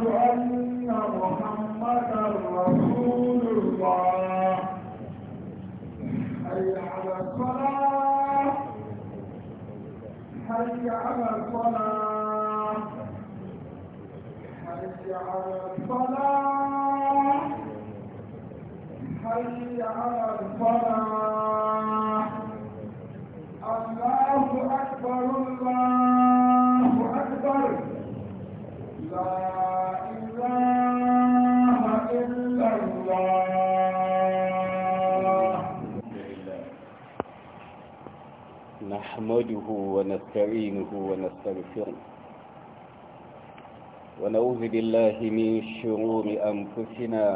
وأشهد أن محمدا رسول الله حي على الصلاة حي على الصلاة حي على الصلاة حي على الصلاة نحمده ونستعينه ونستغفره ونعوذ بالله من شرور أنفسنا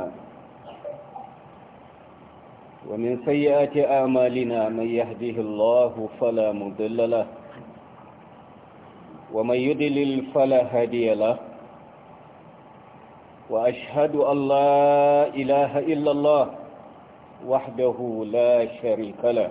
ومن سيئات اعمالنا من يهده الله فلا مضل له ومن يضلل فلا هادي له وأشهد أن لا إله إلا الله وحده لا شريك له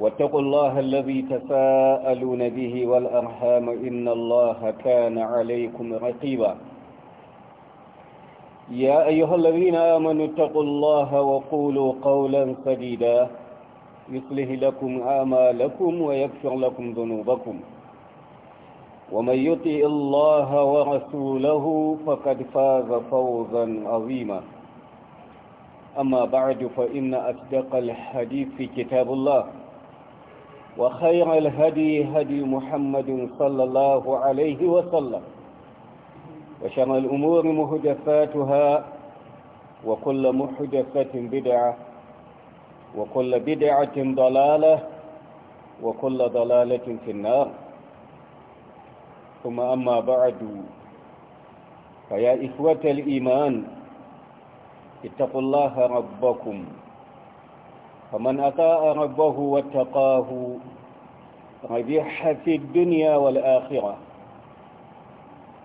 واتقوا الله الذي تساءلون به والأرحام إن الله كان عليكم رقيبا يا أيها الذين آمنوا اتقوا الله وقولوا قولا سديدا يصلح لكم آمالكم ويكفر لكم ذنوبكم ومن يطيء الله ورسوله فقد فاز فوزا عظيما أما بعد فإن أصدق الحديث في كتاب الله وخير الهدي هدي محمد صلى الله عليه وسلم وشر الأمور مهدفاتها وكل مهدفة بدعة وكل بدعة ضلالة وكل ضلالة في النار ثم أما بعد فيا إخوة الإيمان اتقوا الله ربكم فمن أطاع ربه واتقاه ربح في الدنيا والآخرة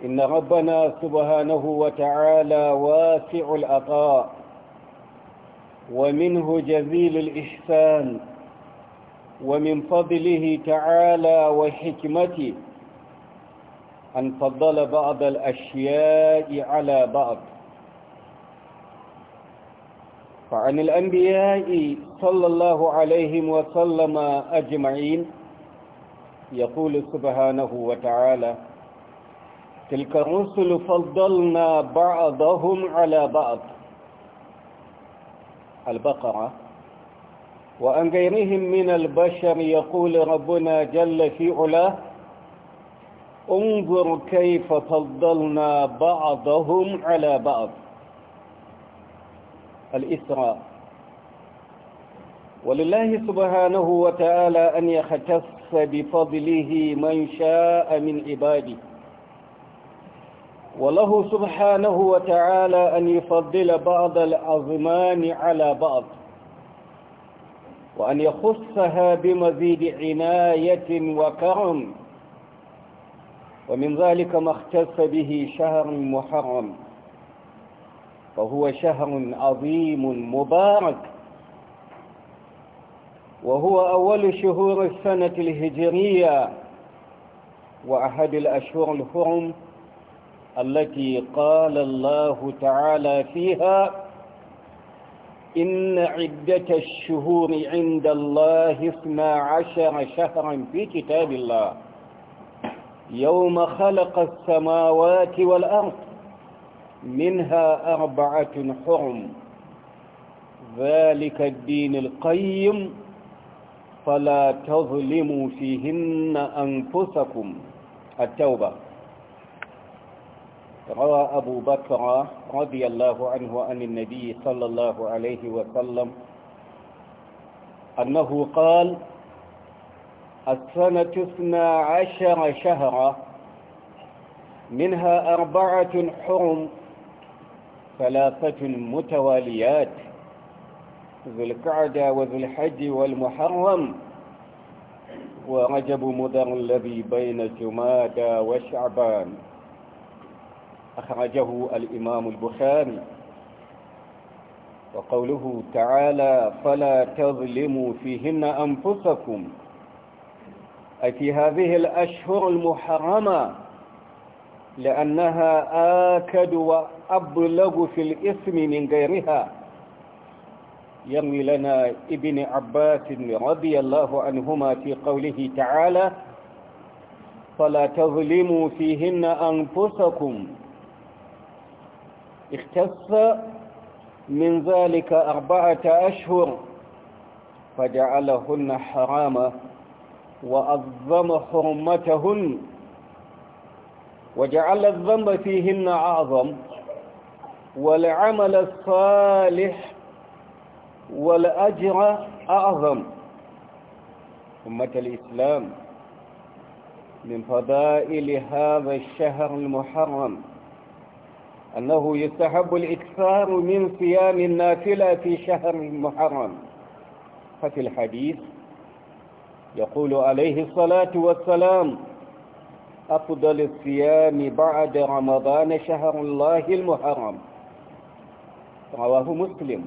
إن ربنا سبحانه وتعالى واسع العطاء ومنه جزيل الإحسان ومن فضله تعالى وحكمته أن فضل بعض الأشياء على بعض فعن الأنبياء صلى الله عليه وسلم أجمعين يقول سبحانه وتعالى تلك الرسل فضلنا بعضهم على بعض البقرة وعن غيرهم من البشر يقول ربنا جل في علاه انظر كيف فضلنا بعضهم على بعض الإسراء ولله سبحانه وتعالى أن يختص يختص بفضله من شاء من عباده وله سبحانه وتعالى أن يفضل بعض الأظمان على بعض وأن يخصها بمزيد عناية وكرم ومن ذلك ما اختص به شهر محرم فهو شهر عظيم مبارك وهو أول شهور السنة الهجرية وأحد الأشهر الحرم التي قال الله تعالى فيها إن عدة الشهور عند الله اثنا عشر شهرا في كتاب الله يوم خلق السماوات والأرض منها أربعة حرم ذلك الدين القيم فلا تظلموا فيهن أنفسكم التوبة روى أبو بكر رضي الله عنه عن النبي صلى الله عليه وسلم أنه قال السنة اثنى عشر شهرا منها أربعة حرم ثلاثة متواليات ذو القعدة وذو الحج والمحرم ورجب مدر الذي بين جمادى وشعبان أخرجه الإمام البخاري وقوله تعالى فلا تظلموا فيهن أنفسكم أي في هذه الأشهر المحرمة لأنها آكد وأبلغ في الإثم من غيرها يروي لنا ابن عباس رضي الله عنهما في قوله تعالى فلا تظلموا فيهن أنفسكم اختص من ذلك أربعة أشهر فجعلهن حراما وأظم حرمتهن وجعل الذنب فيهن أعظم والعمل الصالح والأجر أعظم أمة الإسلام من فضائل هذا الشهر المحرم أنه يستحب الإكثار من صيام النافلة في شهر المحرم ففي الحديث يقول عليه الصلاة والسلام أفضل الصيام بعد رمضان شهر الله المحرم رواه مسلم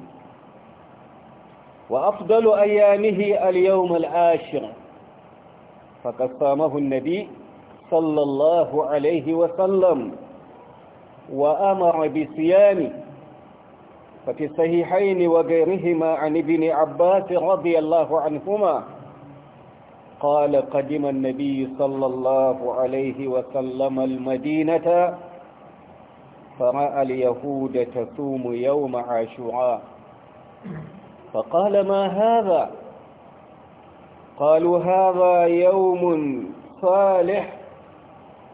وأفضل أيامه اليوم العاشر فقد صامه النبي صلى الله عليه وسلم وأمر بصيامه ففي الصحيحين وغيرهما عن ابن عباس رضي الله عنهما قال قدم النبي صلى الله عليه وسلم المدينة فرأى اليهود تصوم يوم عاشوراء فقال ما هذا قالوا هذا يوم صالح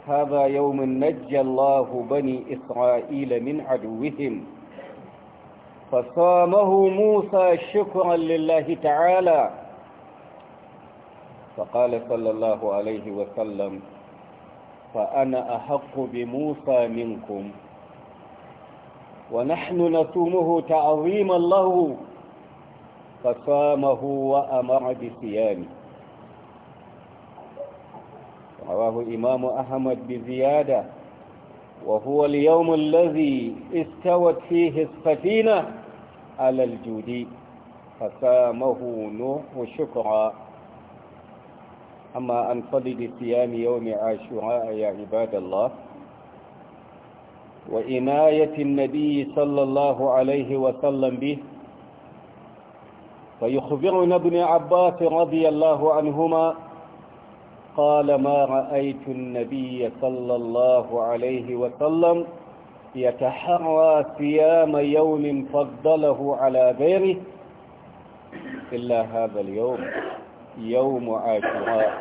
هذا يوم نجى الله بني إسرائيل من عدوهم فصامه موسى شكرا لله تعالى فقال صلى الله عليه وسلم فأنا أحق بموسى منكم ونحن نصومه تعظيما له فصامه وأمر بصيامه رواه إمام أحمد بزيادة وهو اليوم الذي استوت فيه السفينة على الجود فصامه نوح شكرا أما أن صدد صيام يوم عاشوراء يا عباد الله وإناية النبي صلى الله عليه وسلم به فيخبرنا ابن عباس رضي الله عنهما قال ما رأيت النبي صلى الله عليه وسلم يتحرى صيام يوم فضله على غيره إلا هذا اليوم يوم عاشوراء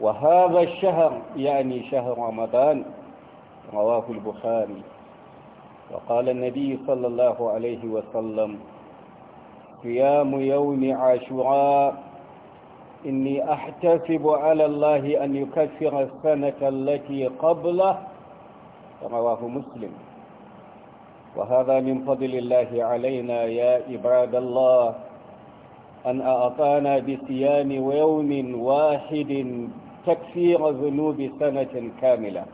وهذا الشهر يعني شهر رمضان رواه البخاري وقال النبي صلى الله عليه وسلم قيام يوم عاشوراء إني أحتسب على الله أن يكفر السنة التي قبله رواه مسلم وهذا من فضل الله علينا يا عباد الله أن أعطانا بصيام يوم واحد تكفير ذنوب سنة كاملة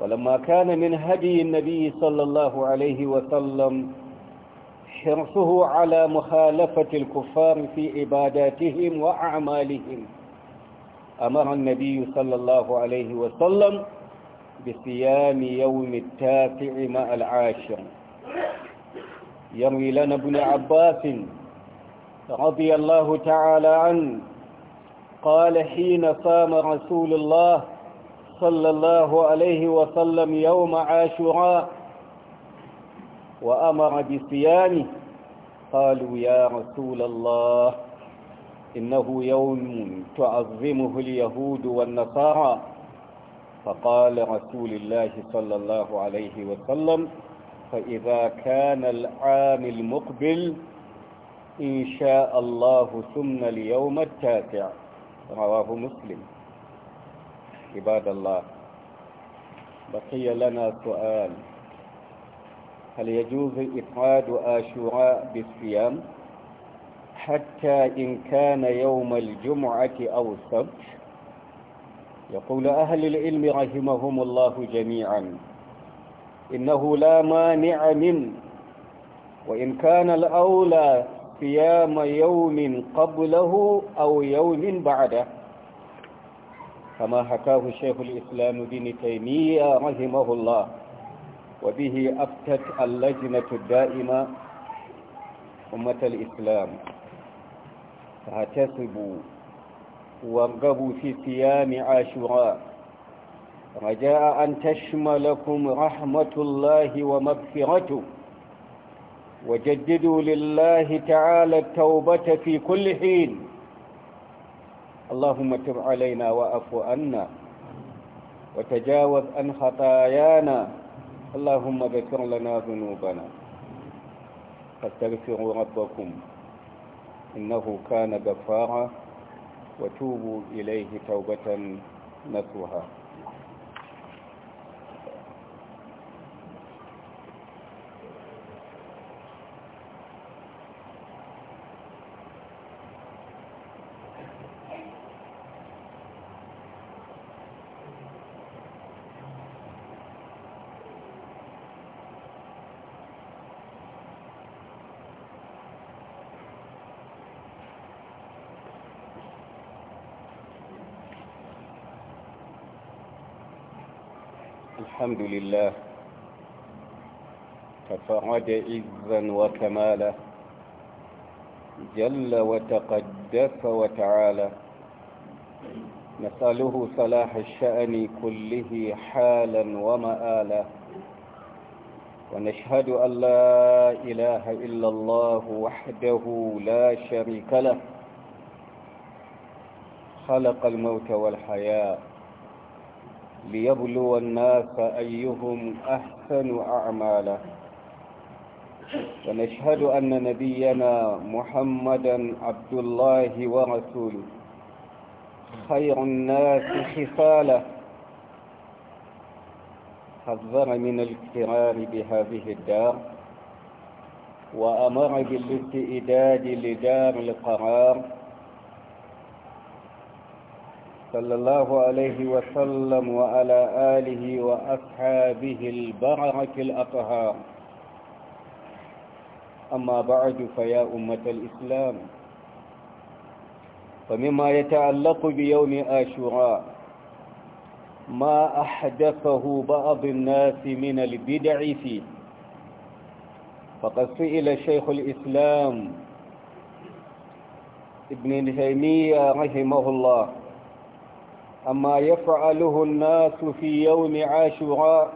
ولما كان من هدي النبي صلى الله عليه وسلم حرصه على مخالفة الكفار في عباداتهم وأعمالهم أمر النبي صلى الله عليه وسلم بصيام يوم التاسع مع العاشر يروي لنا ابن عباس رضي الله تعالى عنه قال حين صام رسول الله صلى الله عليه وسلم يوم عاشوراء وأمر بصيامه قالوا يا رسول الله إنه يوم تعظمه اليهود والنصارى فقال رسول الله صلى الله عليه وسلم فإذا كان العام المقبل إن شاء الله ثم اليوم التاسع رواه مسلم عباد الله بقي لنا سؤال هل يجوز إفراد آشوراء بالصيام حتى إن كان يوم الجمعة أو السبت يقول أهل العلم رحمهم الله جميعا إنه لا مانع من وإن كان الأولى صيام يوم قبله أو يوم بعده كما حكاه شيخ الإسلام بن تيمية رحمه الله وبه أفتت اللجنة الدائمة أمة الإسلام فاعتصبوا وارغبوا في صيام عاشوراء رجاء أن تشملكم رحمة الله ومغفرته وجددوا لله تعالى التوبة في كل حين اللهم تب علينا وأفو عنا وتجاوز عن خطايانا اللهم اغفر لنا ذنوبنا فاستغفروا ربكم إنه كان غفارا وتوبوا إليه توبة نصوحا الحمد لله تفرد عزا وكمالا جل وتقدس وتعالى نسأله صلاح الشأن كله حالا ومآلا ونشهد أن لا إله إلا الله وحده لا شريك له خلق الموت والحياه ليبلو الناس أيهم أحسن أعمالا ونشهد أن نبينا محمدا عبد الله ورسوله خير الناس خصاله حذر من الكرار بهذه الدار وأمر بالاستئداد لدار القرار صلى الله عليه وسلم وعلى آله وأصحابه البرك الأطهار أما بعد فيا أمة الإسلام فمما يتعلق بيوم آشوراء ما أحدثه بعض الناس من البدع فيه فقد سئل شيخ الإسلام ابن تيمية رحمه الله أما يفعله الناس في يوم عاشوراء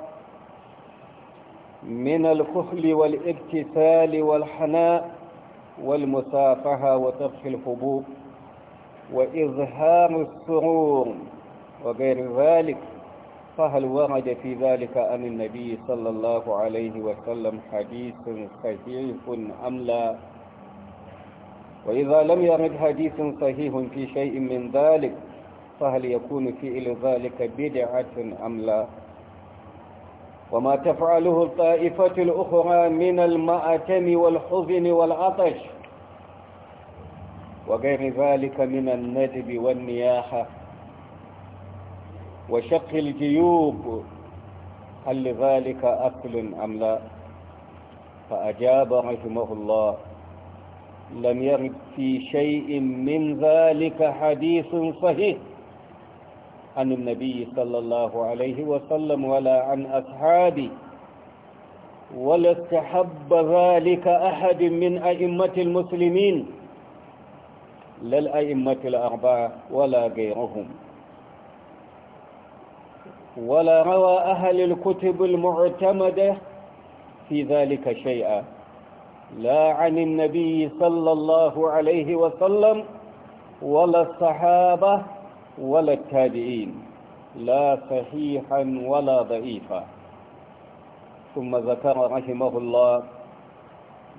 من الخخل والابتسال والحناء والمسافحة وترك الحبوب وإظهار السرور وغير ذلك فهل ورد في ذلك عن النبي صلى الله عليه وسلم حديث صحيح أم لا وإذا لم يرد حديث صحيح في شيء من ذلك فهل يكون فعل ذلك بدعة أم لا وما تفعله الطائفة الأخرى من المأتم والحزن والعطش وغير ذلك من الندب والنياحة وشق الجيوب هل لذلك أكل أم لا فأجاب رحمه الله لم يرد في شيء من ذلك حديث صحيح عن النبي صلى الله عليه وسلم ولا عن أصحابه ولا استحب ذلك أحد من أئمة المسلمين لا الأئمة الأربعة ولا غيرهم ولا روى أهل الكتب المعتمدة في ذلك شيئا لا عن النبي صلى الله عليه وسلم ولا الصحابة ولا التابعين لا صحيحا ولا ضعيفا ثم ذكر رحمه الله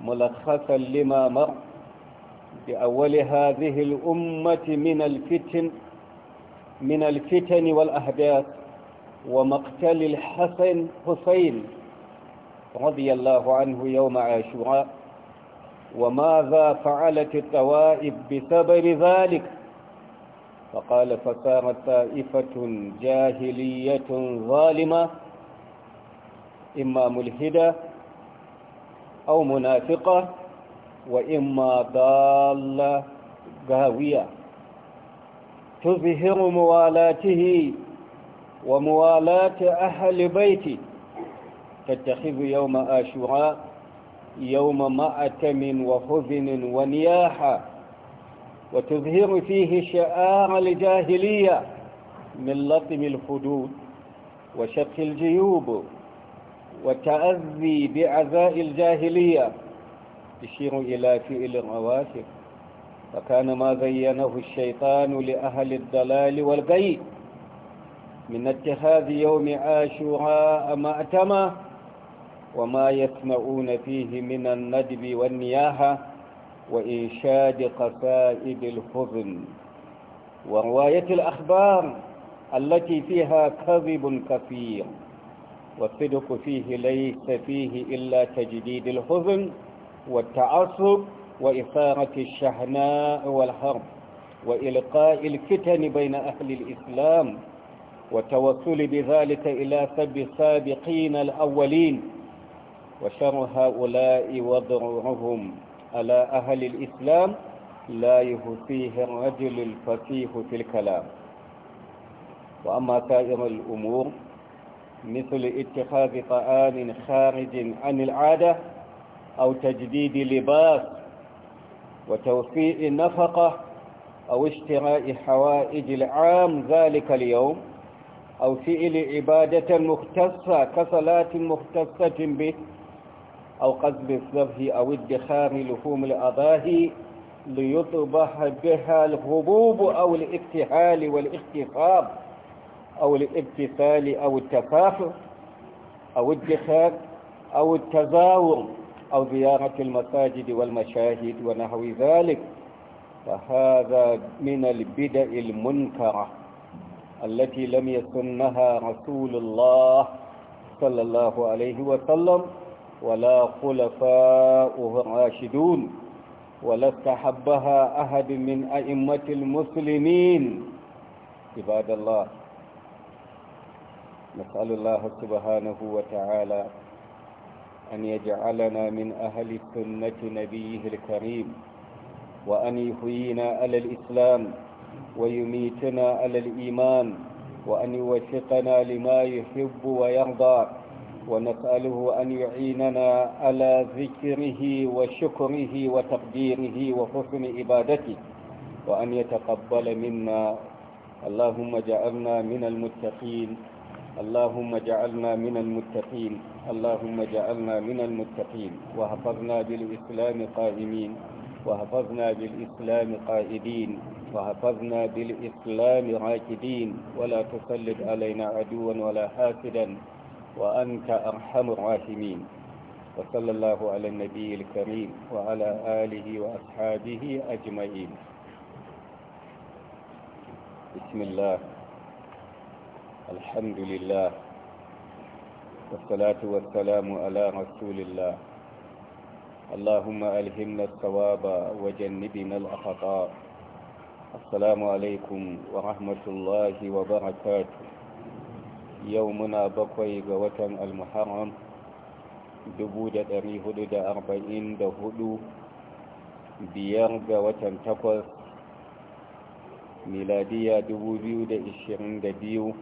ملخصا لما مر بأول هذه الأمة من الفتن من الفتن والأحداث ومقتل الحسن حسين رضي الله عنه يوم عاشوراء وماذا فعلت الطوائف بسبب ذلك فقال فصارت طائفة جاهلية ظالمة إما ملحدة أو منافقة وإما ضالة قهوية تظهر موالاته وموالاة أهل بيتي تتخذ يوم آشوراء يوم مأتم وحزن ونياحة وتظهر فيه شعار الجاهلية من لطم الخدود وشق الجيوب وتأذي بعزاء الجاهلية تشير إلى فئل الرواسب فكان ما زينه الشيطان لأهل الضلال والغي من اتخاذ يوم عاشوراء مأتمة وما يسمعون فيه من الندب والنياحة وإنشاد قصائد الحزن ورواية الأخبار التي فيها كذب كثير والصدق فيه ليس فيه إلا تجديد الحزن والتعصب وإثارة الشحناء والحرب وإلقاء الفتن بين أهل الإسلام وتوصل بذلك إلى سب السابقين الأولين وشر هؤلاء وضرهم على أهل الإسلام لا يهسيه الرجل الفسيح في الكلام وأما سائر الأمور مثل اتخاذ طعام خارج عن العادة أو تجديد لباس وتوفيء النفقة أو اشتراء حوائج العام ذلك اليوم أو فعل عبادة مختصة كصلاة مختصة به أو قذف الذبح أو ادخار لحوم الأضاهي ليطبح بها الغبوب أو الابتهال والاختفاض أو الابتثال أو التكافر أو الدخان أو التزاور أو زيارة المساجد والمشاهد ونحو ذلك فهذا من البدع المنكرة التي لم يسنها رسول الله صلى الله عليه وسلم ولا خلفاؤه الراشدون ولا استحبها أحد من أئمة المسلمين عباد الله نسأل الله سبحانه وتعالى أن يجعلنا من أهل سنة نبيه الكريم وأن يحيينا على الإسلام ويميتنا على الإيمان وأن يوفقنا لما يحب ويرضى ونسأله أن يعيننا على ذكره وشكره وتقديره وحسن عبادته وأن يتقبل منا اللهم اجعلنا من المتقين اللهم اجعلنا من المتقين اللهم اجعلنا من المتقين وحفظنا بالإسلام قائمين وحفظنا بالإسلام قائدين وحفظنا بالإسلام راكدين ولا تسلط علينا عدوا ولا حاسدا وأنت أرحم الراحمين وصلى الله على النبي الكريم وعلى آله وأصحابه أجمعين بسم الله الحمد لله والصلاة والسلام على رسول الله اللهم ألهمنا الصواب وجنبنا الأخطاء السلام عليكم ورحمة الله وبركاته yau muna bakwai ga watan almuharram 1444 biyar ga watan takwas miladiya 2022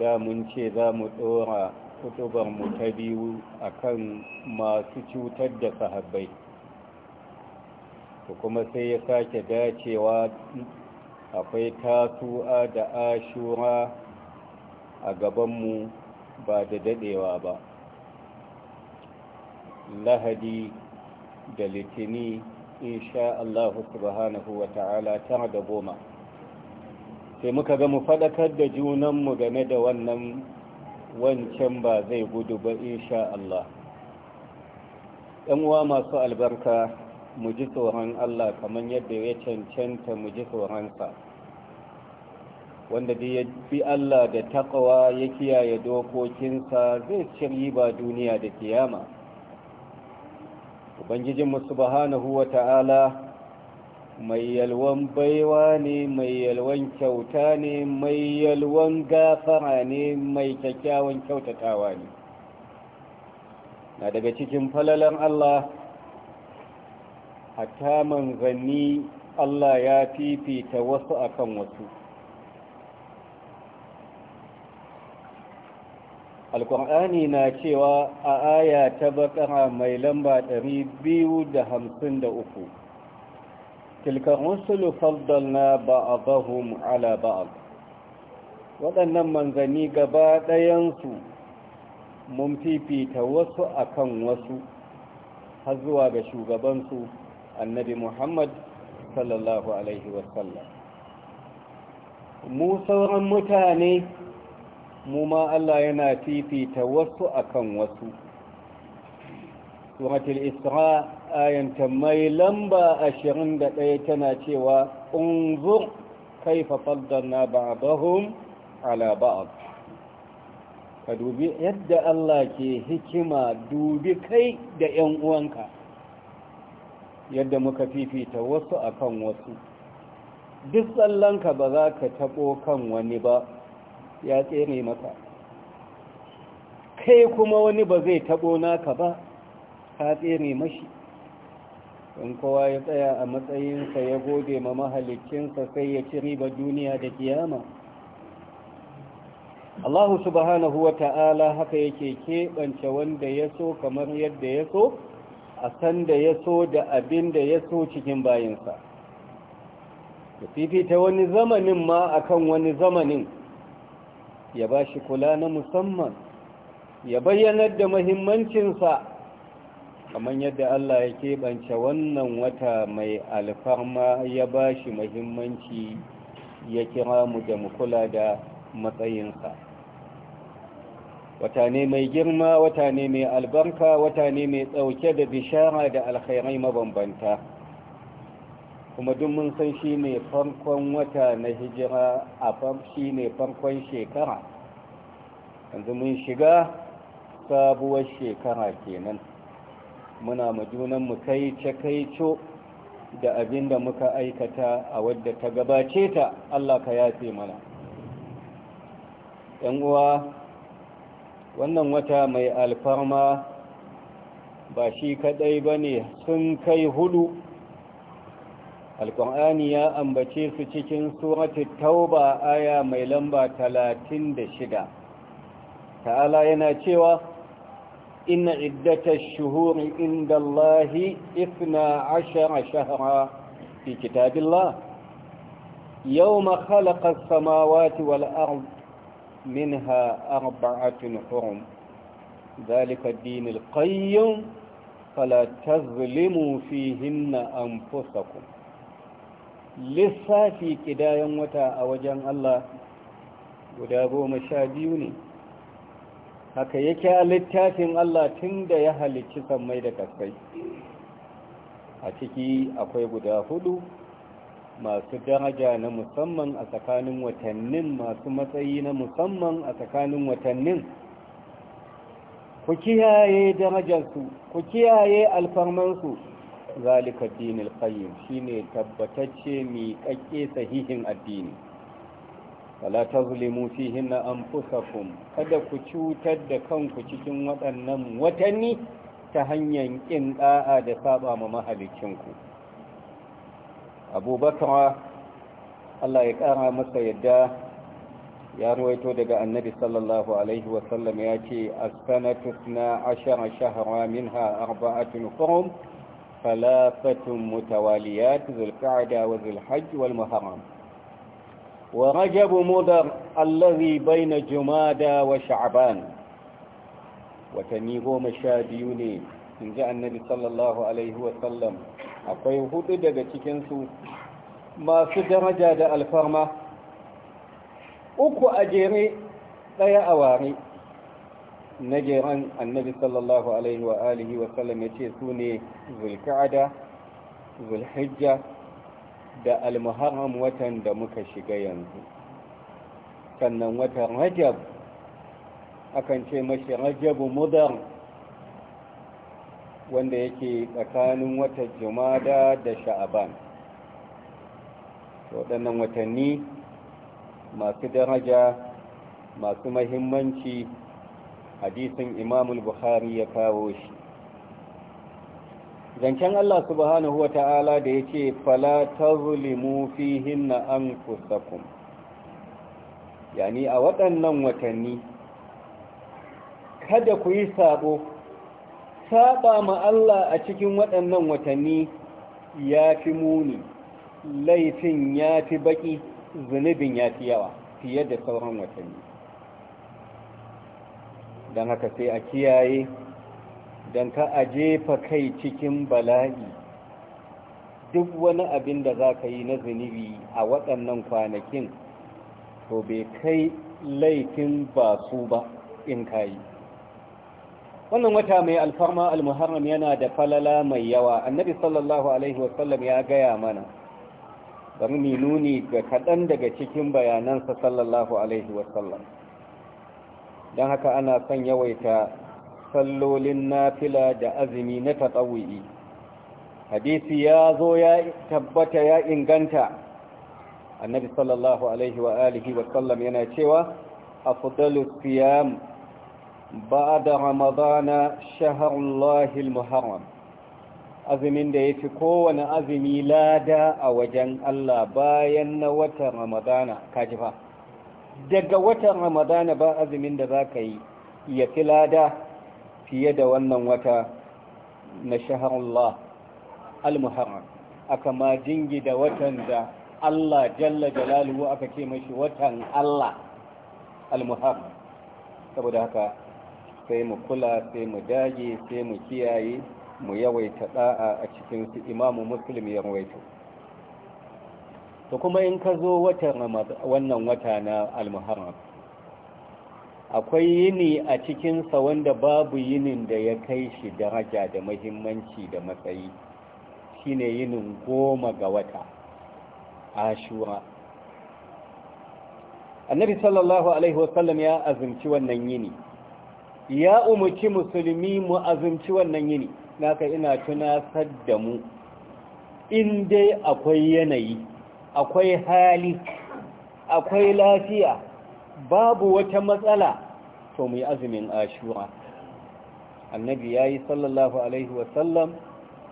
da mun ce za mu tsora kutubarmu ta biyu a kan masu cutar da sahabbai kuma sai ya sake dacewa akwai tasu'a da ashura a gabanmu ba da dadewa ba lahadi da litini insha Allah subhanahu wa ta'ala tara da goma sai muka ga mu faɗakar da junan mu game da wannan wancan ba zai gudu ba insha Allah uwa masu albarka mu ji tsoron Allah kamar yadda ya cancanta mu ji tsoronsa wanda da ya bi Allah da taƙawa ya kiyaye dokokinsa zai ci riba duniya da kiyama ubangijinmu subhanahu wa ta'ala mai yalwan baiwa ne mai yalwan kyauta ne mai yalwan gafara ne mai kyakkyawan kyautatawa ne na daga cikin falalan Allah hatta manzanni Allah ya fifita wasu akan wasu alkur'ani na cewa a aya ta bakara mai lamba 253 tilkar rusulu faddalna ba'adahum ala ba'ad waɗannan manzanni gaba ɗayansu mun fifita wasu akan wasu har zuwa ga shugabansu annabi muhammad sallallahu alaihi wasallam mu sauran mutane mu ma Allah yana fifita wasu akan wasu suratul isra ayanta mai lamba 21 tana cewa unzur kaifa faddalna ba'dahum ala ba'd ka dubi yadda Allah ke hikima dubi kai da ƴan uwanka yadda muka fifita wasu akan wasu duk tsallanka ba za ka taɓo kan wani ba ya tsere maka kai kuma wani ba zai taɓo naka ba ka tsere mashi in kowa ya tsaya a matsayinsa ya gode ma mahalicinsa sai ya ci riba duniya da kiyama Allahu subhanahu wa ta'ala haka yake keɓance wanda ya so kamar yadda ya so a san da ya so da abin da ya so cikin bayinsa. da fifita wani zamanin ma akan wani zamanin ya ba shi kula na musamman ya bayyanar da mahimmancinsa kamar yadda Allah ya keɓance wannan wata mai alfarma ya ba shi mahimmanci ya kira mu da mu kula da matsayinsa wata ne mai girma wata ne mai albarka wata ne mai tsauke da bishara da alkhairai mabambanta kuma duk mun san shi ne farkon wata na hijira a shi ne farkon shekara yanzu mun shiga sabuwar shekara kenan muna mu kai cakaico da abin da muka aikata a wadda ta gabace ta Allah ka yafe mana ‘yan uwa wannan wata mai alfarma ba shi kadai ba ne sun kai hudu alƙur'ani ya ambace su cikin surati tauba aya mai lamba 36 ta'ala yana cewa inna iddatash shuhuri indallahi ashara shahra fi kitabillah yau khalaqa as-samawati wal min ha arba'atun hurum dhalika ad-din al-qayyim fala tazlimu fihinna anfusakum lissafi ƙidayen wata a wajen Allah guda goma sha biyu ne haka yake a littafin Allah tun da ya halicci sammai da kasai a ciki akwai guda hudu masu daraja na musamman a tsakanin watannin masu matsayi na musamman a tsakanin watannin ku kiyaye darajarsu ku kiyaye alfarmansu zalika dinil qayyim shine tabbatacce mi kakke sahihin addini wala tazlimu fihin anfusakum kada ku cutar da kanku cikin waɗannan watanni ta hanyar kin da'a da saba ma ku abubakar Allah ya kara masa yadda ya ruwaito daga annabi sallallahu alaihi wasallam ya ce as-sanatu 12 shahra minha arba'atun hurum ثلاثة متواليات ذو القعدة وذو الحج والمحرم ورجب مضر الذي بين جمادى وشعبان وتنيغو مشابيوني إن جاء النبي صلى الله عليه وسلم أقوي هدد بشكنسو ما في درجة الفرمة أكو أجيري لا يأواري najeran annabi sallallahu alaihi wa alihi wa sallam ya ce su ne zulka'ada zulhijja da almuharram watan da muka shiga yanzu sannan watan rajab akan ce mashi rajabu mudar wanda yake tsakanin watan jumada da sha'aban waɗannan watanni masu daraja masu mahimmanci hadisin imamul buhari ya kawo shi zancen Allah subhanahu wa ta'ala da ya ce fala tazlimu fihin na an kusakun yani a waɗannan watanni kada ku yi sabo saba ma Allah a cikin waɗannan watanni ya fi muni laifin ya fi baƙi zunubin ya fi yawa fiye da sauran watanni don haka sai a kiyaye don ka a jefa kai cikin bala'i duk wani abin da za ka yi na zunubi a waɗannan kwanakin to bai kai laifin ba su ba in ka yi wannan wata mai alfarma al-muharram yana da falala mai yawa annabi sallallahu alaihi wasallam ya gaya mana bari ni nuni ga kaɗan daga cikin bayanansa sallallahu alaihi wasallam don haka ana son yawaita sallolin nafila da azumi na tatsawuyi hadisi ya zo ya tabbata ya inganta annabi sallallahu alaihi wa alihi wa sallam yana cewa afdalus siyam ba'da ramadana shahrullahi almuharram azumin da yafi kowane azumi lada a wajen Allah bayan na watan ramadana kaji fa daga watan ramadana ba azumin da za ka yi ya fi lada fiye da wannan wata na shahararwa al-muharram aka ma jingi da watan da Allah jalla jalaluhu aka ce mashi watan Allah al-muharram saboda haka sai mu kula sai mu dage sai mu kiyaye mu yawaita da'a a cikin su imamu muslim ya to kuma in ka zo wannan wata na almuharram akwai yini a cikinsa wanda babu yinin da ya kai shi daraja da mahimmanci da matsayi shine yinin goma ga wata ashura annabi sallallahu alaihi wasallam ya azumci wannan yini ya umuci musulmi mu azumci wannan yini naka ina tunasar da mu in dai akwai yanayi akwai hali akwai lafiya babu wata matsala to mu yi azumin ashura annabi ya yi sallallahu alaihi wasallam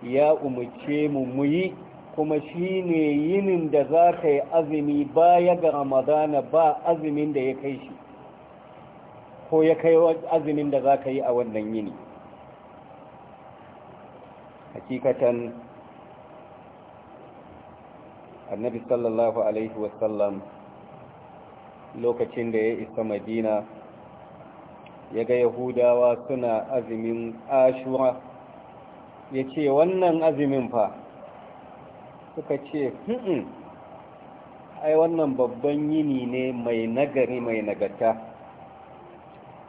ya umarce mu mu yi kuma shi ne yinin da za ka yi azumi baya ga ramadana ba azumin da ya kai shi ko ya kai azumin da za ka yi a wannan yini hakikatan annabi sallallahu alaihi wasallam lokacin da ya isa madina ya ga yahudawa suna azumin ashura ya ce wannan azumin fa suka ce ai wannan babban yini ne mai nagari mai nagata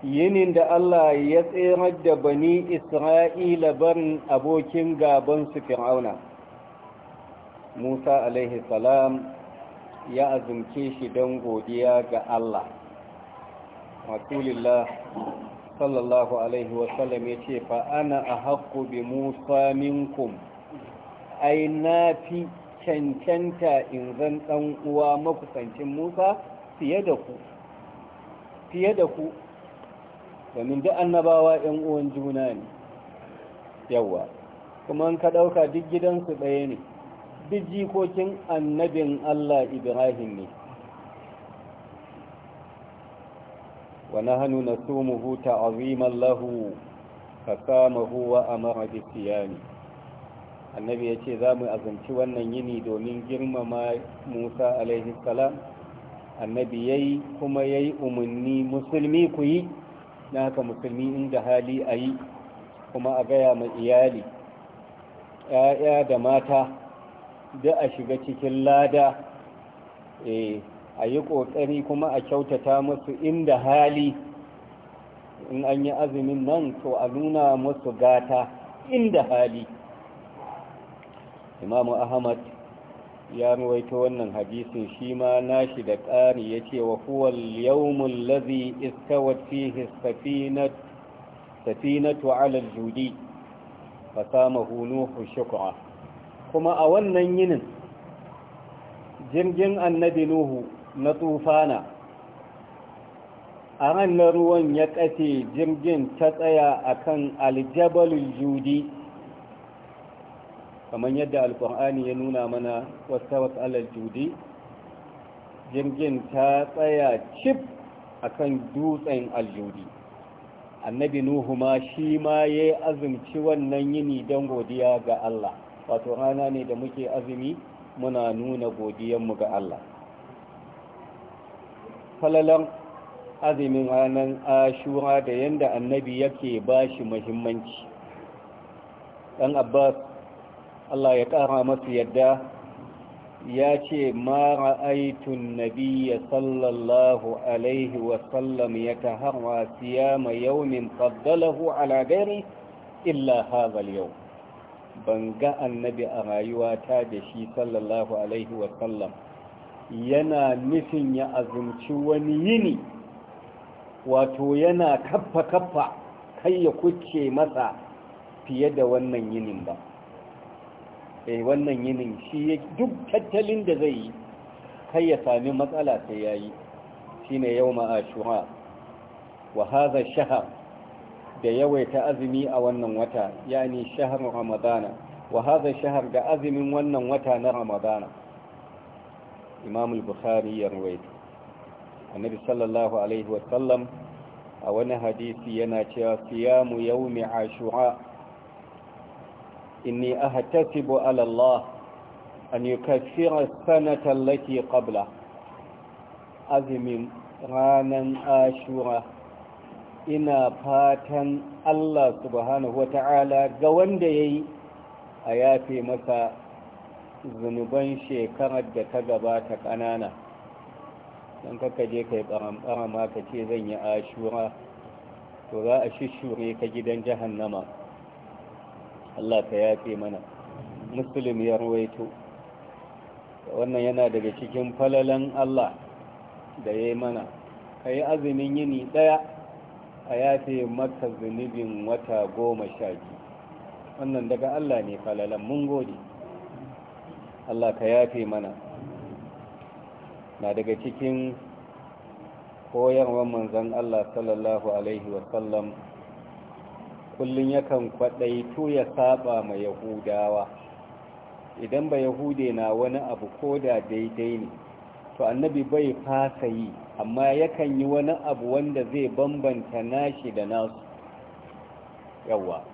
yinin da Allah ya tsirar da bani isra'ila barin abokin gaban su fir'auna musa alaihi salam ya azumce shi don godiya ga allah rasulullah sallallahu alaihi wasallam ya ce ana a haƙƙo bi musa minkum ai na fi cancanta in zan ɗan uwa makusancin musa fiye da ku fiye da ku domin duk annabawa ‘yan uwan juna ne yawwa kuma an ka ɗauka duk gidansu ɗaya ne duk jikokin annabin Allah Ibrahim ne wa nahnu nasumuhu ta'ziman lahu fasamahu wa amara bi siyami annabi yace mu azanci wannan yini domin girmama Musa alaihi salam annabi yayi kuma yayi umunni musulmi ku yi na musulmi inda hali ayi kuma a gaya mai iyali ‘ya'ya da mata da a shiga cikin lada eh, a yi ƙoƙari kuma a kyautata musu inda hali in an yi azumin nan to a nuna musu gata inda hali imamu ahmad ya ruwaito wannan hadisin shi ma nashi da ƙari ya ce wa huwal yawmul ladhi istawat fihi safinatu ala judi fa samahu nuhu shukra kuma a wannan yinin jirgin annabi nuhu na tsufana a hannun ruwan ya ƙafe jirgin ta tsaya a kan aljabalin judi kamar yadda alkur'ani ya nuna mana wata watsalar judi jirgin ta tsaya cif a kan dutsen aljudi annabi nuhu ma shi ma ya azumci wannan yini don godiya ga Allah wato rana ne da muke azumi muna nuna godiyanmu ga Allah falalan azumin ranar ashura da yadda annabi yake ba shi mahimmanci ɗan abbas Allah ya ƙara masu yadda ya ce ma ra'aitun nabiya sallallahu alaihi wasallam ya ta harwa siya mai yaunin faddalahu ala illa hazal yau ban ga annabi a rayuwata da shi sallallahu alaihi wasallam yana nufin ya azumci wani yini wato yana kaffa-kaffa kai ya kuce masa fiye da wannan yinin ba eh wannan yinin shi duk tattalin da zai yi kai ya sami matsala sai yayi shine yawma ashura wa hadha shahr da yawaita azumi a wannan wata yani shahar ramadana wa shahar da azumin wannan wata na ramadana imam al-bukhari ya rawaita annabi sallallahu alaihi wa sallam a wani hadisi yana cewa siyamu yawmi ashura inni ahtasibu ala Allah an yukaffira as-sanata allati qabla azumin ranan ashura ina fatan Allah subhanahu wa ta'ala ga wanda ya yi a yafe masa zunuban shekarar da ta gabata ƙanana don kaka je ka yi ka ce zan yi ashura to za a shishure ka gidan jahannama Allah ka yafe mana musulun ya ruwaito wannan yana daga cikin falalan Allah da ya yi mana ka yi azumin yini ɗaya a yafe maka zunubin wata goma sha biyu wannan daga Allah ne falalan mun gode Allah ka yafe mana na daga cikin koyarwar manzan Allah sallallahu alaihi wasallam kullum yakan kwaɗaito ya saba ma yahudawa idan ba yahude na wani abu ko da daidai ne to annabi bai fasa yi amma yakan yi wani abu wanda zai bambanta nashi da nasu yawa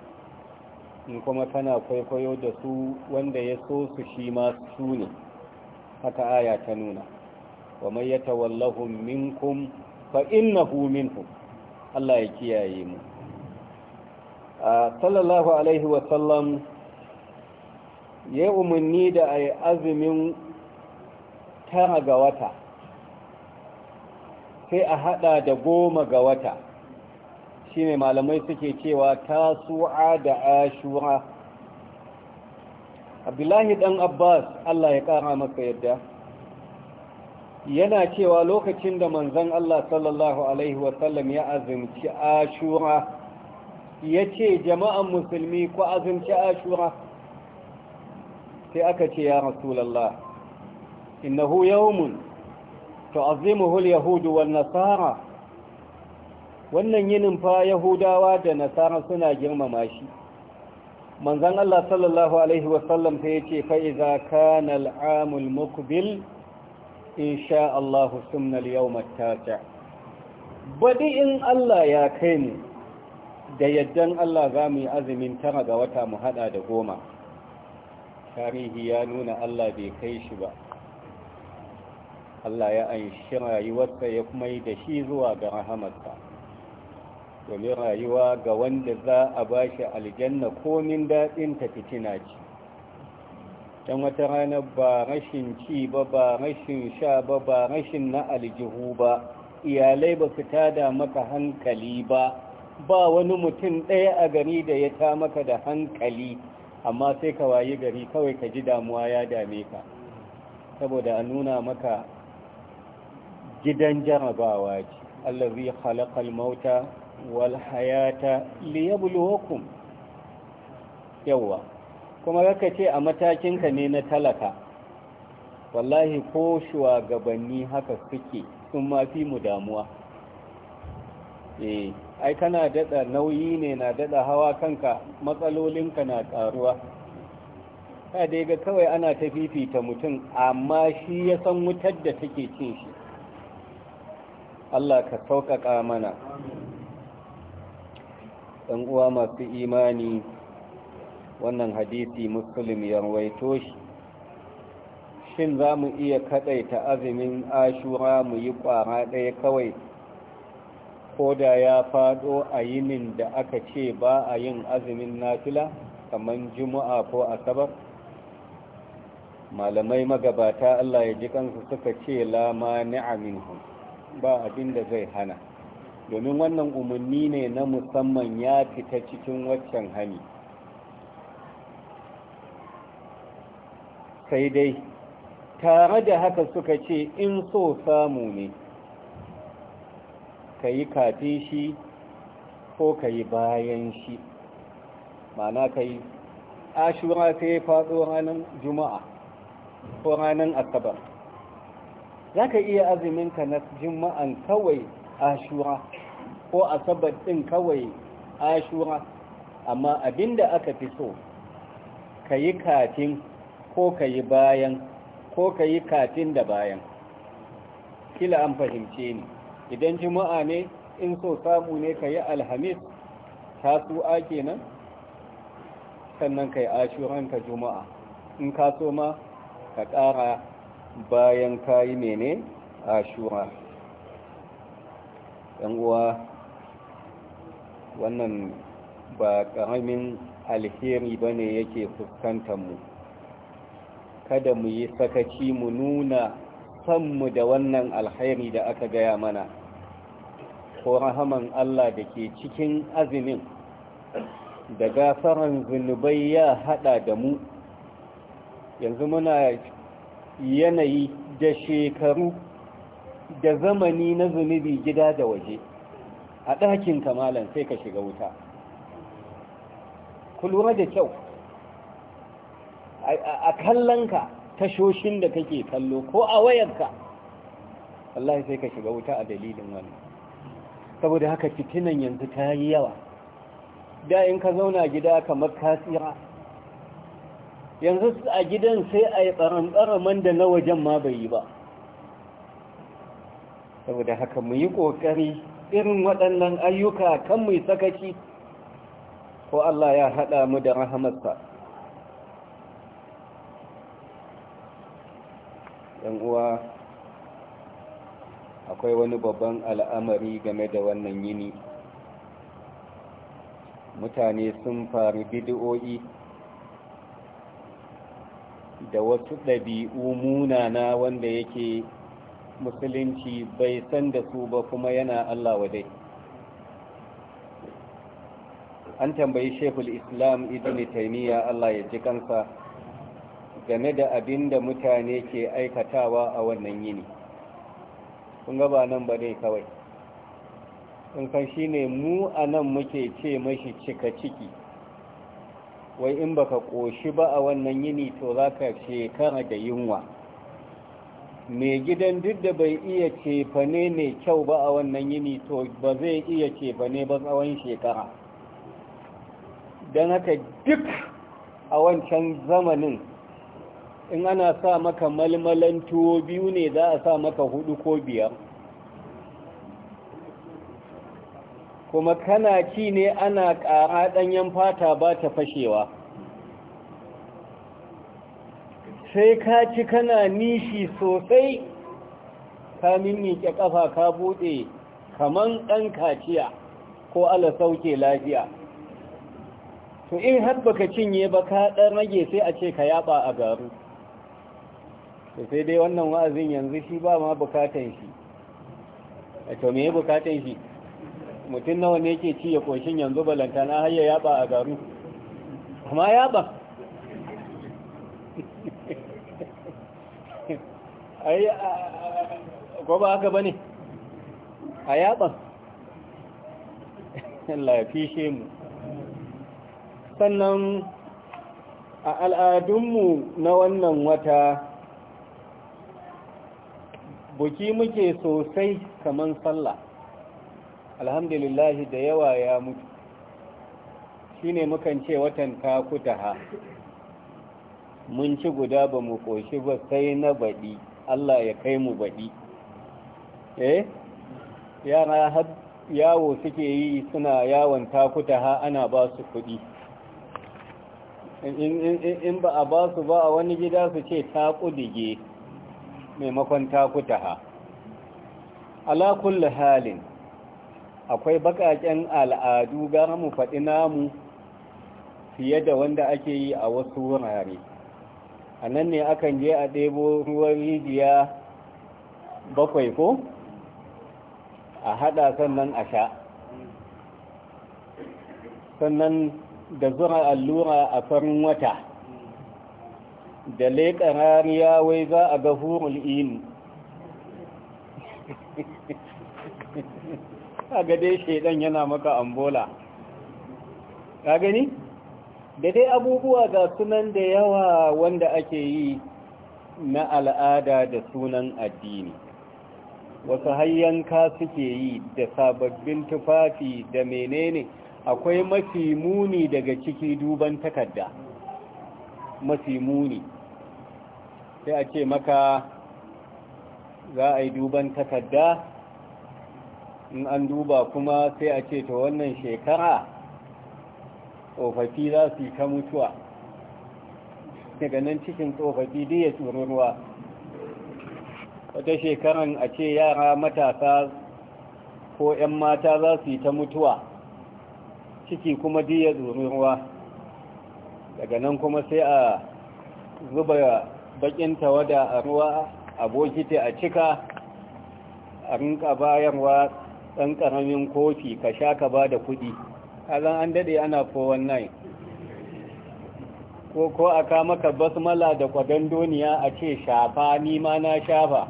in kuma tana kwaikwayo da su wanda ya so su shi ma su ne haka aya ta nuna wa mai ya tawallahun minkum fa innahu minhum Allah ya kiyaye mu sallallahu alaihi wasallam ya umarni da a azumin tara ga wata sai a hada da goma ga wata shine malamai suke cewa tasu'a da ashura abdullahi dan abbas allah ya kara maka yadda yana cewa lokacin da manzon allah sallallahu alaihi wasallam ya azumci ashura ya ce jama'an musulmi ku azumci ashura sai aka ce ya rasulallah إنه يوم تعظمه اليهود والنصارى wannan yinin fa yahudawa da nasara suna girmama shi manzon Allah sallallahu alaihi wasallam sai yace fa iza kana al'amul muqbil insha Allah sumna al in Allah ya kai ni da yaddan Allah za mu yi azumin tara ga wata mu haɗa da goma tarihi ya nuna Allah bai kai shi ba Allah ya anshi rayuwarsa ya kuma yi da shi zuwa ga rahamarsa domin rayuwa ga wanda za a ba shi aljanna komin daɗin ta fitina ce don wata rana ba rashin ci ba ba rashin sha ba ba rashin na aljihu ba iyalai ba su tada maka hankali ba ba wani mutum ɗaya a gari da ya ta maka da hankali amma sai ka wayi gari kawai ka ji damuwa ya dame ka saboda a nuna maka gidan jarabawa ce Allah zai khalaqal mauta wal hayata liyabluwakum yawa kuma kaka ce a matakinka ne na talaka wallahi ko shugabanni haka suke sun ma fi mu damuwa eh ai kana dada nauyi ne na dada hawa kanka matsalolinka na karuwa ka dai ga kawai ana ta fifita mutum amma shi ya san wutar da take cin shi Allah ka sauƙaƙa mana ɗan uwa masu imani wannan hadisi musulun ya shi shin za mu iya kaɗaita azumin ashura mu yi ƙwara ɗaya kawai ko da ya faɗo a yinin da aka ce ba a yin azumin nafila kamar juma'a ko asabar malamai magabata Allah ya ji kansu suka ce la ma ba abin da zai hana domin wannan umarni ne na musamman ya fita cikin waccan hani sai dai tare da haka suka ce in so samu ne ka yi kafin shi ko ka yi bayan shi mana ka yi ashura sai faso ranar juma'a ko ranar asabar za ka iya ka na juma'an kawai ashura ko asabar ɗin kawai ashura amma abinda aka fi so ka yi katin ko ka yi bayan ko ka yi katin da bayan kila an fahimce ni idan juma'a ne in so samu ne ka yi alhamis tasu'a kenan sannan ka yi ashuranka juma'a in ka so ma ka ƙara bayan kayi mene ashura ɗan uwa wannan ba ƙaramin alheri ba ne yake mu kada mu yi sakaci mu nuna sanmu da wannan alheri da aka gaya mana ko rahaman Allah da ke cikin azumin da gafaran zunubai ya hada da mu yanzu muna yanayi da shekaru da zamani na zunubi gida da waje a ɗakin kamalan sai ka shiga wuta ku da kyau a kallonka tashoshin da kake kallo ko a wayarka Allah sai ka shiga wuta a dalilin wani saboda haka fitinan yanzu ta yi yawa da in ka zauna gida kamar kasira yanzu a gidan sai a yi tsaron da na wajen ma bai yi ba saboda haka mu yi ƙoƙari irin waɗannan ayyuka kan mu yi sakaci ko Allah ya haɗa mu da rahamarsa ɗan uwa akwai wani babban al'amari game da wannan yini mutane sun faru bidiyoyi da wasu ɗabi'u munana wanda yake musulunci bai san da su ba kuma yana Allah wadai an tambayi shekul islam ibn taimiyya Allah ya ji kansa game da abin da mutane ke aikatawa a wannan yini kun gaba nan ba dai kawai sun kan shi ne mu a nan muke ce mashi cika ciki wai in baka ƙoshi ba a wannan yini to za ka shekara da yunwa mai gidan duk da bai iya cefane mai kyau ba a wannan yini to ba zai iya cefane ba tsawon shekara don haka duk a wancan zamanin in ana sa maka malmalan tuwo biyu ne za a sa maka hudu ko biyar kuma kana ci ne ana ƙara ɗanyen fata ba ta fashewa sai ka ci kana nishi sosai ka mimmike ƙafa ka buɗe kaman ɗan kaciya ko ala sauke lafiya to in har baka cinye ba ka ɗan rage sai a ce ka yaɓa a garu to sai dai wannan wa'azin yanzu shi ba ma bukatan shi a to me bukatan shi mutum nawa ne yake ciye ƙoshin koshin yanzu balanta na hayya yaba a garu amma yaba ai ko ba haka ne? a yaban lafishe mu sannan a al'adunmu na wannan wata buki muke sosai kamar sallah alhamdulillahi da yawa ya mutu shine mukan ce watan takuta ha mun ci guda ba mu koshi ba sai na baɗi Allah ya kai mu baɗi eh yana had yawo suke yi suna yawon takuta ha ana ba su kuɗi in ba a ba su ba a wani gida su ce takudige maimakon takuta ha ala kulli halin akwai bakaken al'adu gara mu faɗi namu fiye da wanda ake yi a wasu wurare a nan ne akan je a ɗebo ruwan rijiya bakwai ko a haɗa sannan a sha sannan da zura allura a farin wata da leƙa rariya wai za a ga hurul inu ga dai shaidan yana maka ambola ka gani da dai abubuwa ga sunan da yawa wanda ake yi na al'ada da sunan addini wasu hayyanka suke yi da sababbin tufafi da menene akwai mafi muni daga ciki duban takarda mafi muni sai a ce maka za a yi duban takarda in an duba kuma sai a ce ta wannan shekara tsofaffi za su yi ta mutuwa daga nan cikin tsofaffi dai ya tsoron wata shekaran a ce yara matasa ko 'yan mata za su yi ta mutuwa ciki kuma dai ya tsoron daga nan kuma sai a zuba bakin tawada a ruwa a bokiti a cika a rinka bayarwa ɗan ƙaramin kofi ka sha ka ba da kuɗi azan an daɗe ana nai ko ko a kama ka basmala da kwadon doniya a ce shafa ni ma na shafa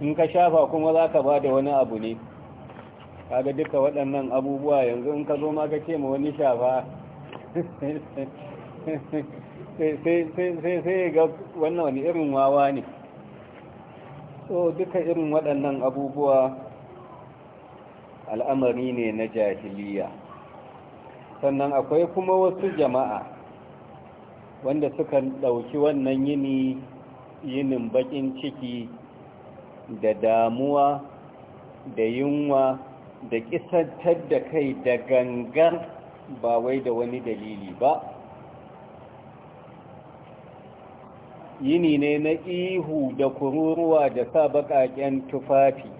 in ka shafa kuma za ka ba da wani abu ne kaga duka waɗannan abubuwa yanzu in ka zo ma ka ce ma wani shafa sai ga wannan wani irin wawa ne so duka irin waɗannan abubuwa al'amari ne na jahiliya sannan akwai kuma wasu jama'a wanda suka ɗauki wannan yini yinin bakin ciki da damuwa da yunwa da kisantar da kai da gangan ba wai da wani dalili ba yini ne na ihu da kururuwa da sa baƙaƙen tufafi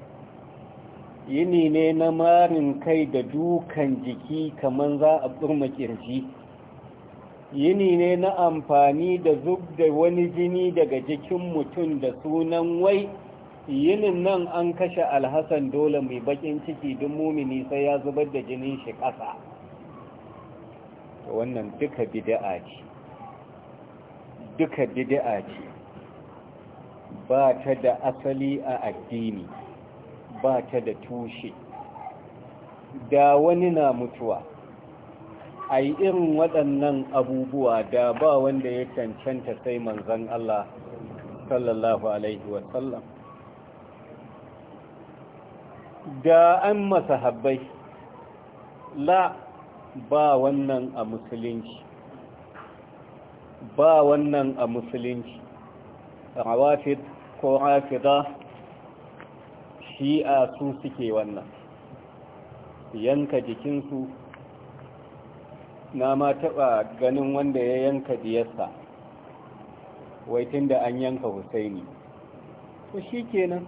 yini ne na marin kai da dukan jiki kamar za a burma kirji yini ne na amfani da zub da wani jini daga jikin mutum da sunan wai yinin nan an kashe alhassan dole mai bakin ciki duk mumini sai ya zubar da jinin shi ƙasa wannan duka bid'a ce duka bida'a ce ba ta da asali a addini ba ta da tushe da wani na mutuwa a yi irin waɗannan abubuwa da ba wanda ya cancanta sai manzan Allah sallallahu Alaihi wasallam da an masa habbai la ba wannan a musulunci ba wannan a musulunci rawafid ko rafida shi'a su suke wannan yanka jikinsu na ma taɓa ganin wanda ya yanka diyarsa wai tunda da an yanka husaini to shi kenan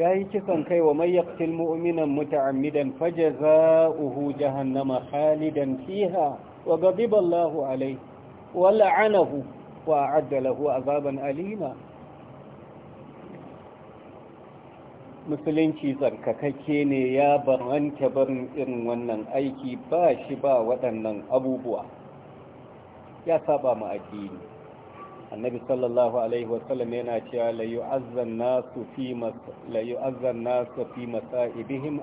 ya yi kisan kai wa mai yaktil mu'minan muta'ammidan fajaza'uhu jahannama khalidan fiha wa ghadiba Allahu wa la'anahu wa a'adda lahu azaban alima musulunci tsarkakake ne ya baranta barin irin wannan aiki ba shi ba waɗannan abubuwa ya saba ma addini annabi sallallahu alaihi wasallam yana cewa la yu'azzan nasu fi la yu'azzan nasu fi masa'ibihim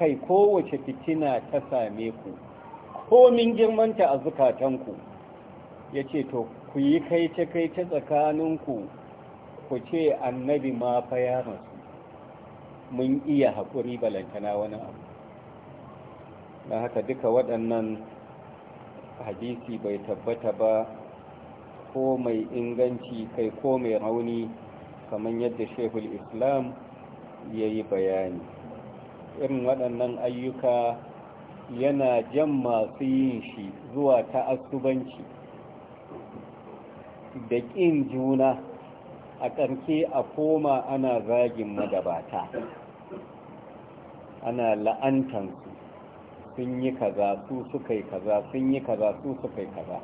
kai kowace fitina ta same ku Ko komin girmanta a zukatanku yace to ku yi kai ta kai ta tsakaninku ku ce annabi ma fa ya rasu mun iya haƙuri balantana wani abu na haka duka waɗannan hadisi bai tabbata ba ko mai inganci kai ko mai rauni kamar yadda shehul islam ya yi bayani irin waɗannan ayyuka yana jan masu yin shi zuwa ta asubanci da ƙin juna a ƙarke a koma ana zagin magabata ana la'antansu sun yi kaza su suka yi kaza sun yi kaza su suka yi kaza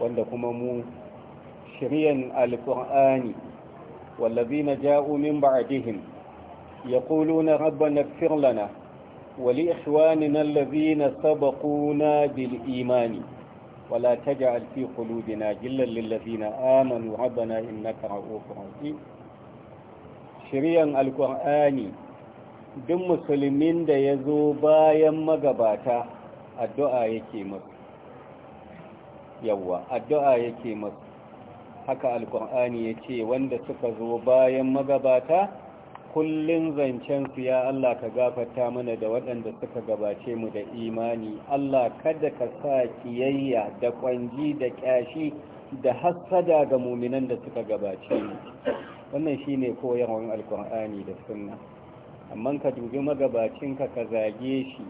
wanda kuma mu shiryan alƙur'ani ba'adihin ya min na yaquluna rabbana ighfir lana wa li na allazina sabaquna bil imani ولا تجعل في قلوبنا جلا للذين آمنوا ربنا إنك رؤوف رحيم شريان القرآن duk musulmin da ya zo bayan magabata addu'a yake masu yawwa addu'a yake masu haka alkur'ani ya ce wanda suka zo bayan magabata kullun su ya Allah ka gafarta mana da waɗanda suka gabace mu da imani Allah kada ka sa kiyayya da kwanji da kyashi da hassada ga muminan da suka gabace mu wannan shine koyarwar alkur'ani da sunna amma ka dubi magabacinka ka zage shi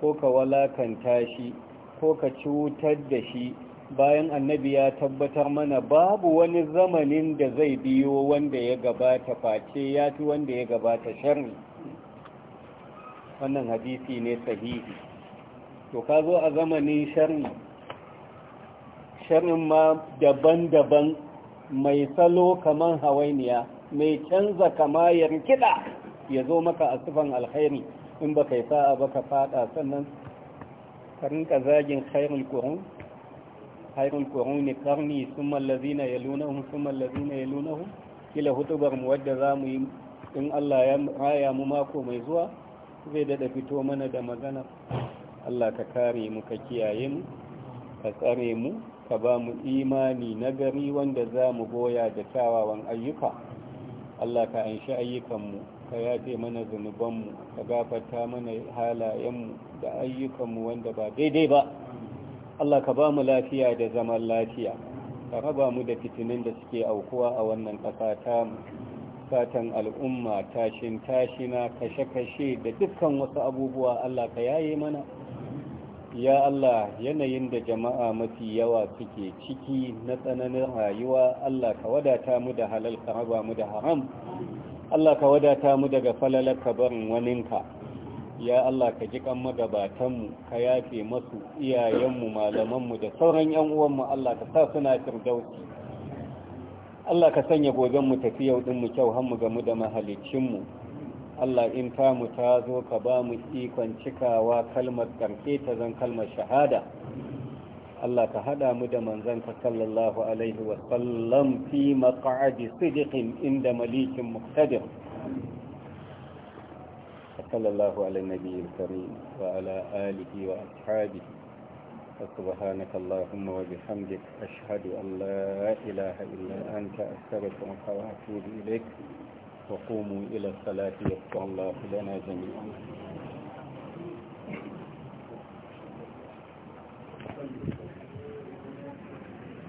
ko ka walakanta shi ko ka cutar da shi bayan annabi ya tabbatar mana babu wani zamanin da zai biyo wanda ya gabata face ya fi wanda ya gabata sharri wannan hadisi ne sahihi to ka zo a zamanin sharri sharri ma daban-daban mai salo kaman hawainiya mai canza kamayar kiɗa ya zo maka a sufan alkhairi in ba kai sa'a ba ka fada sannan ka zagin khairul qur'an khairul quruni qarni thumma allazina yalunahum thumma allazina yalunahum kila hutubar mu wadda zamu yi in Allah ya raya mu mako mai zuwa zai dada fito mana da magana Allah ka kare mu ka kiyaye mu ka tsare mu ka ba mu imani nagari wanda za mu goya da kyawawan ayyuka Allah ka anshi mu ka yafe mana zunuban mu ka gafata mana halayen mu da ayyukanmu wanda ba daidai ba Allah ka ba mu lafiya da zaman lafiya ka raba mu da fitinin da suke aukuwa a wannan ƙasa ta fatan al'umma tashin tashina kashe-kashe da dukkan wasu abubuwa Allah ka yaye mana ya Allah yanayin da jama'a mafi yawa suke ciki na tsananin rayuwa Allah ka wadata mu da halal ka raba mu da haram Allah ka wadata mu daga falalar kabarin waninka ya Allah ka ji kan magabatanmu ka yafe masu iyayenmu malamanmu da sauran yan uwanmu Allah ka sa suna firdausi Allah ka sanya goben mu tafi yau din mu kyau har mu gamu da mahalicinmu Allah in ta mu ta zo ka ba mu ikon cikawa kalmar karfe ta zan kalmar shahada Allah ka hada mu da manzon ka sallallahu alaihi wa sallam fi maq'adi sidqin inda malikin muqtadir وصلى الله على النبي الكريم وعلى آله وأصحابه سبحانك اللهم وبحمدك أشهد أن لا إله إلا أنت أستغفرك وأتوب إليك وقوموا إلى الصلاة يغفر الله لنا جميعا